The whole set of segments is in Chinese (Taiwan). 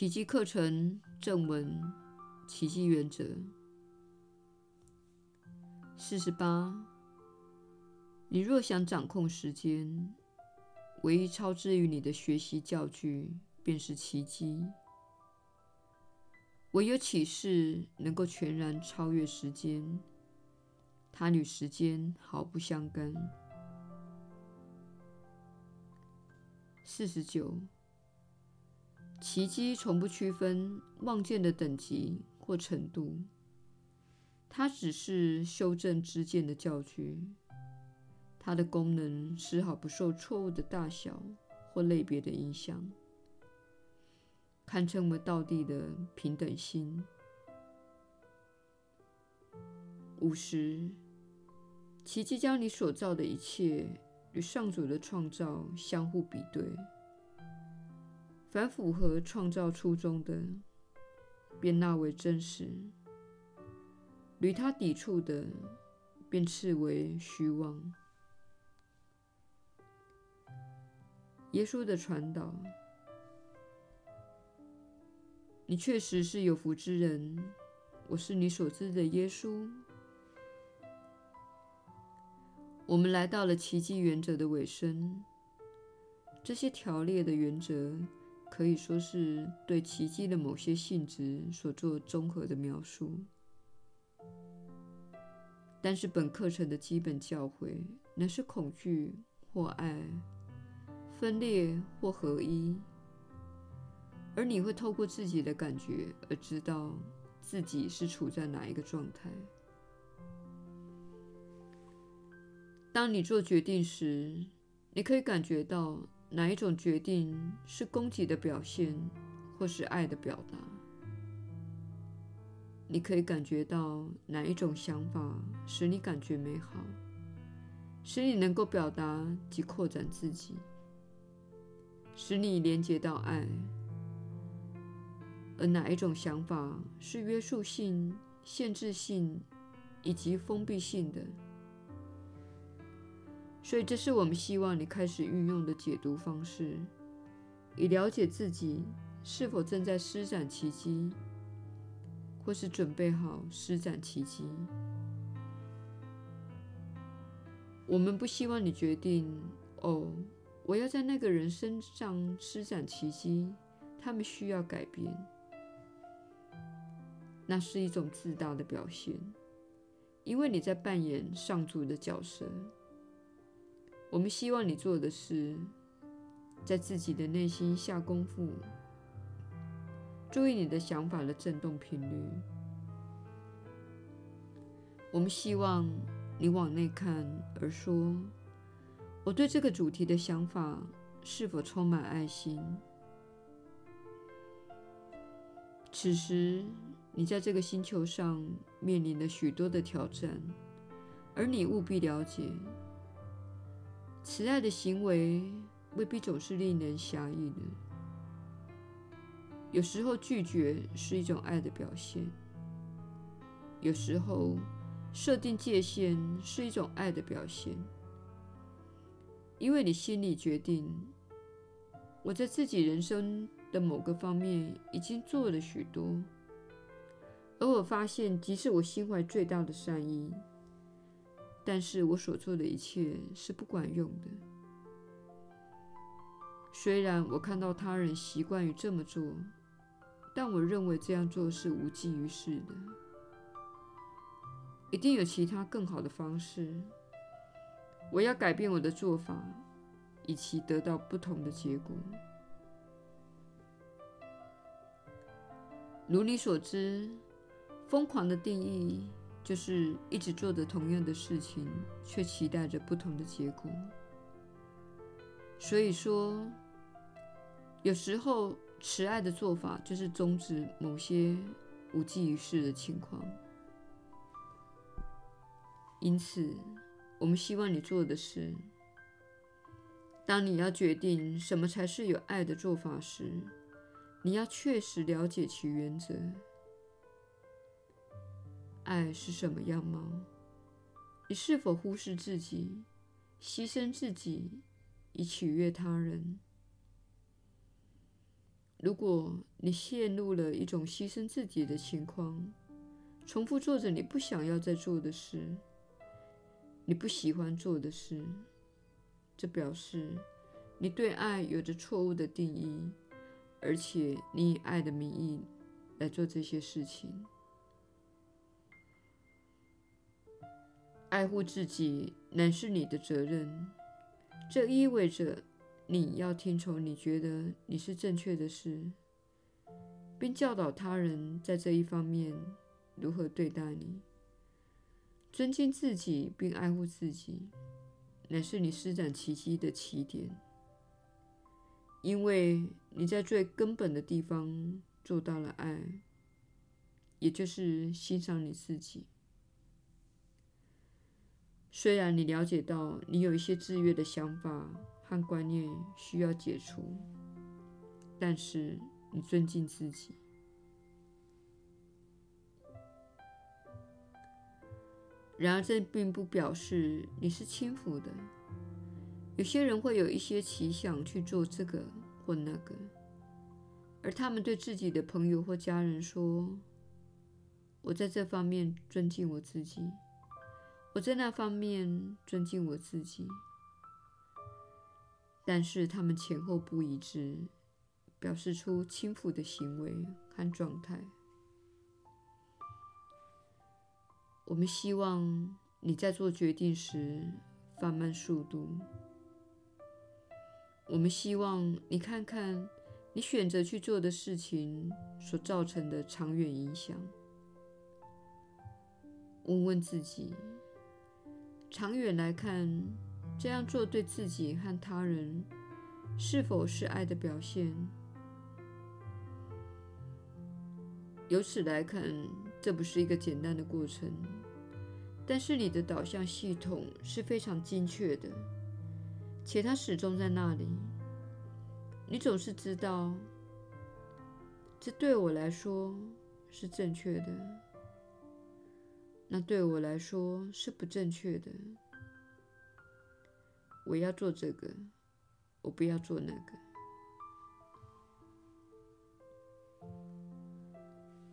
奇蹟課程正文：奇蹟原則四十八。48, 你若想掌控時間，唯一操之於你的學習教具便是奇蹟。唯有啟示能夠全然超越時間，它與時間毫不相干。四十九。奇蹟從不區分妄見的等級或程度，它只是修正知見的教具，它的功能絲毫不受錯誤的大小或類別的影響，堪稱為道地的平等心。五十，奇蹟將你所造的一切與上主的創造相互比對。凡符合創造初衷的，便納為真實；與他抵觸的，便斥為虛妄。耶穌的傳導，你確實是有福之人，我是你所知的耶穌。我們來到了奇蹟原則的尾聲，這些條列的原則。可以說是對奇蹟的某些性質所做綜合的描述。但是本課程的基本教誨乃是恐懼或愛、分裂或合一，而你會透過自己的感覺而知道自己是處在哪一個狀態。當你做決定時，你可以感覺到。哪一種決定是攻擊的表現，或是愛的表達？你可以感覺到哪一種想法使你感覺美好，使你能夠表達及擴展自己，使你連接到愛；而哪一種想法是約束性、限制性以及封閉性的？所以，這是我們希望你開始運用的解讀方式，以了解自己是否正在施展奇蹟，或是準備好施展奇蹟。我們不希望你決定：“哦，我要在那個人身上施展奇蹟，他們需要改變。”那是一種自大的表現，因為你在扮演上主的角色。我們希望你做的是，在自己的內心下功夫，注意你的想法的振動頻率。我們希望你往內看，而說：“我對這個主題的想法是否充滿愛心？”此時，你在這個星球上面臨了許多的挑戰，而你務必了解。慈愛的行為未必總是令人愜意的。有時候拒絕是一種愛的表現，有時候設定界限是一種愛的表現，因為你心裡決定，我在自己人生的某個方面已經做了許多，而我發現，即使我心懷最大的善意。但是我所做的一切是不管用的。雖然我看到他人習慣於這麼做，但我認為這樣做是無濟於事的，一定有其他更好的方式。我要改變我的做法，以期得到不同的結果。如你所知，瘋狂的定義，就是一直做着同樣的事情，卻期待着不同的結果。所以說，有時候慈愛的做法就是終止某些無濟於事的情況。因此，我們希望你做的是：當你要決定什麼才是有愛的做法時，你要確實了解其原則。愛是什麼樣貌？你是否忽視自己，犧牲自己以取悅他人？如果你陷入了一種犧牲自己的情況，重複做着你不想要再做的事，你不喜歡做的事，這表示你對愛有着錯誤的定義，而且你以愛的名義來做這些事情。愛護自己乃是你的責任，這意味着你要聽從你覺得你是正確的事，並教導他人在這一方面如何對待你。尊敬自己並愛護自己，乃是你施展奇蹟的起點，因為你在最根本的地方做到了愛，也就是欣賞你自己。雖然你了解到你有一些制約的想法和觀念需要解除，但是你尊敬自己。然而，這並不表示你是輕浮的。有些人會有一些奇想去做這個或那個，而他們對自己的朋友或家人說：“我在這方面尊敬我自己。”我在那方面尊敬我自己。但是他們前後不一致，表示出輕浮的行為和狀態。我們希望你在做決定時放慢速度。我們希望你看看你選擇去做的事情所造成的長遠影響，問問自己。長遠來看，這樣做對自己和他人是否是愛的表現？由此來看，這不是一個簡單的過程。但是你的導向系統是非常精確的，且它始終在那裡。你總是知道，這對我來說是正確的。那對我來說是不正確的。我要做這個，我不要做那個。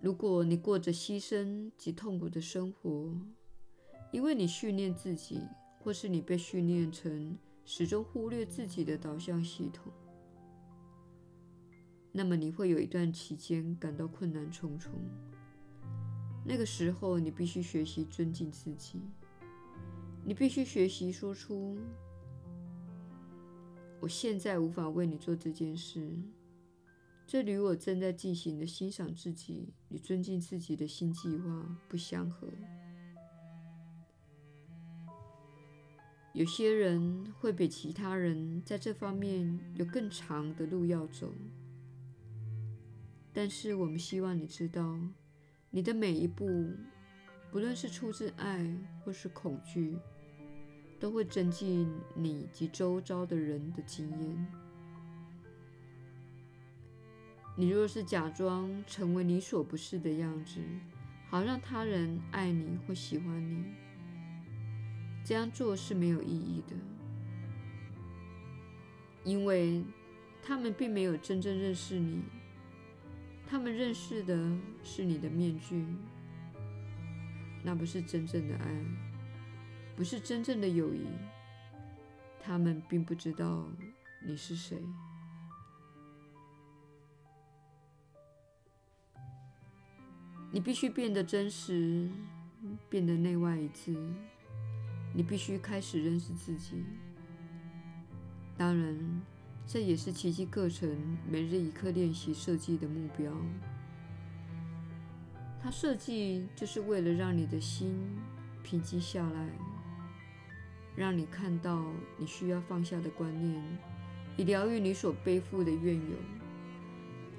如果你過着犧牲及痛苦的生活，因為你訓練自己，或是你被訓練成始終忽略自己的導向系統，那麼你會有一段期間感到困難重重。那個時候，你必須學習尊敬自己，你必須學習說出：“我現在無法為你做這件事，這與我正在進行的欣賞自己與尊敬自己的新計劃不相合。”有些人會比其他人在這方面有更長的路要走，但是我們希望你知道。你的每一步，不論是出自愛或是恐懼，都會增進你及周遭的人的經驗。你若是假裝成為你所不是的樣子，好讓他人愛你或喜歡你，這樣做是沒有意義的，因為他們並沒有真正認識你。他們認識的是你的面具，那不是真正的愛，不是真正的友誼。他們並不知道你是誰。你必須變得真實，變得內外一致。你必須開始認識自己。當然。這也是奇蹟課程每日一課練習設計的目標。它設計就是為了讓你的心平靜下來，讓你看到你需要放下的觀念，以療癒你所背負的怨尤。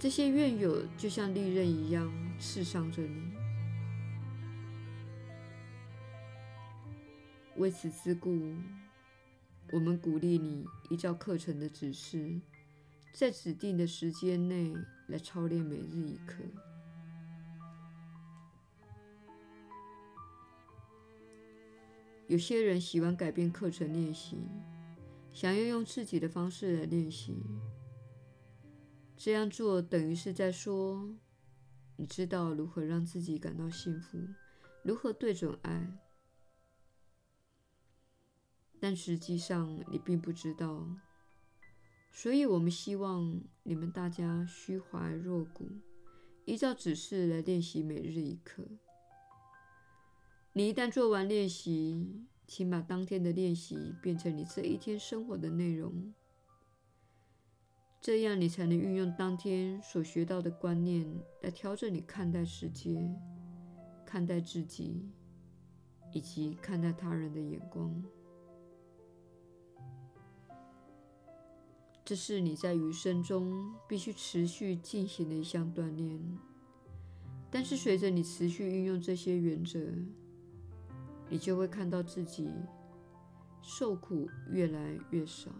這些怨尤就像利刃一樣刺傷着你，為此之故。我們鼓勵你依照課程的指示，在指定的時間內來操練每日一課。有些人喜歡改變課程練習，想要用自己的方式來練習。這樣做等於是在說，你知道如何讓自己感到幸福，如何對準愛。但實際上，你並不知道。所以，我們希望你們大家虛懷若谷，依照指示來練習每日一課。你一旦做完練習，請把當天的練習變成你這一天生活的內容。這樣，你才能運用當天所學到的觀念來調整你看待世界、看待自己以及看待他人的眼光。這是你在餘生中必須持續進行的一項鍛鍊。但是隨着你持續運用這些原則，你就會看到自己受苦越來越少。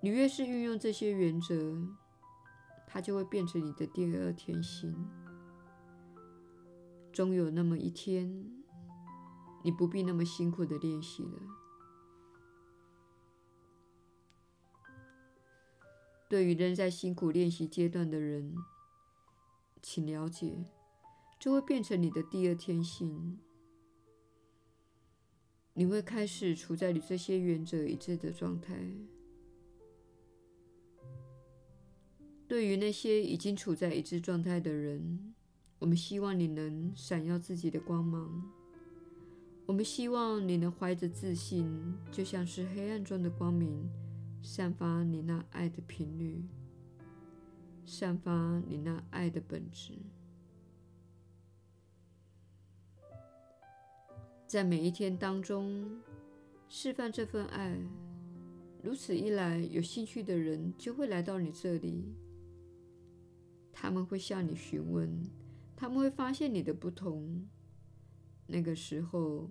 你越是運用這些原則，它就會變成你的第二天性。終有那麼一天，你不必那麼辛苦的練習了。對於仍在辛苦練習階段的人，請了解，這會變成你的第二天性。你會開始處在與這些原則一致的狀態。對於那些已經處在一致狀態的人，我們希望你能閃耀自己的光芒。我們希望你能懷着自信，就像是黑暗中的光明。散發你那愛的頻率，散發你那愛的本質，在每一天當中釋放這份愛，如此一來，有興趣的人就會來到你這裡。他們會向你詢問，他們會發現你的不同。那個時候，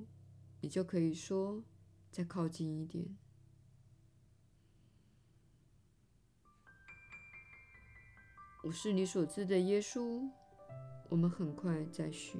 你就可以說：“再靠近一點。”我是你所知的耶穌，我們很快再續。